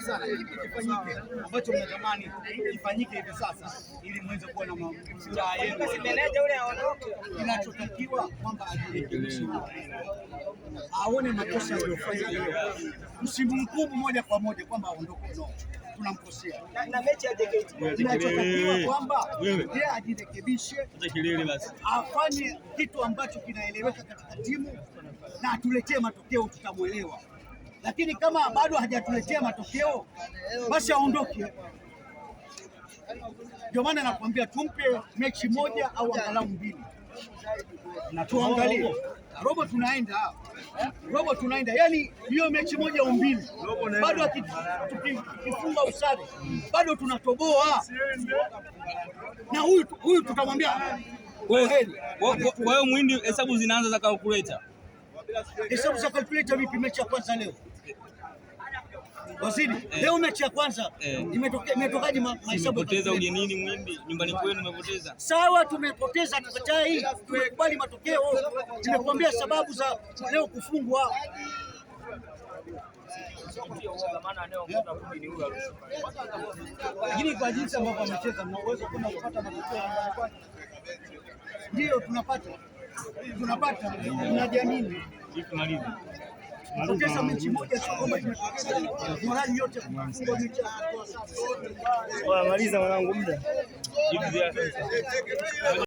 Sana kifanyike ambacho mnatamani kifanyike hivi sasa ili mweze kuwa na mtaa yenu? Meneja ule aondoke, kinachotakiwa kwamba ajirekebishe, aone makosa aliyofanya leo, msimu mkubwa moja kwa moja kwamba aondoke. No, tunamkosea kwamba yeye ajirekebishe, afanye kitu ambacho kinaeleweka katika timu na atuletee matokeo, tutamwelewa lakini kama bado hajatuletea matokeo basi aondoke. Ndio maana nakwambia tumpe mechi moja au angalau mbili na tuangalie robo, tunaenda robo, tunaenda yani hiyo mechi moja au mbili, bado tukifunga usare bado tunatoboa, na huyu huyu tutamwambia wewe, Mwindi, hesabu zinaanza za calculator. Hesabu za calculator vipi? Mechi ya kwanza leo eh, leo mechi ya kwanza eh, imetokaje? Mahesabu tumepoteza ugenini, Mwimbi, nyumbani kwenu umepoteza? Sawa, tumepoteza, hii, tumekubali matokeo. tumekuambia sababu za leo kufungwa. Lakini kwa jinsi ambavyo amecheza mnaweza kuna kupata matokeo ambayo Ndio tunapata tunapata, tunajiamini. Ongeza mechi moja tu kwamba morali yote kwa mechi. mwanangu muda.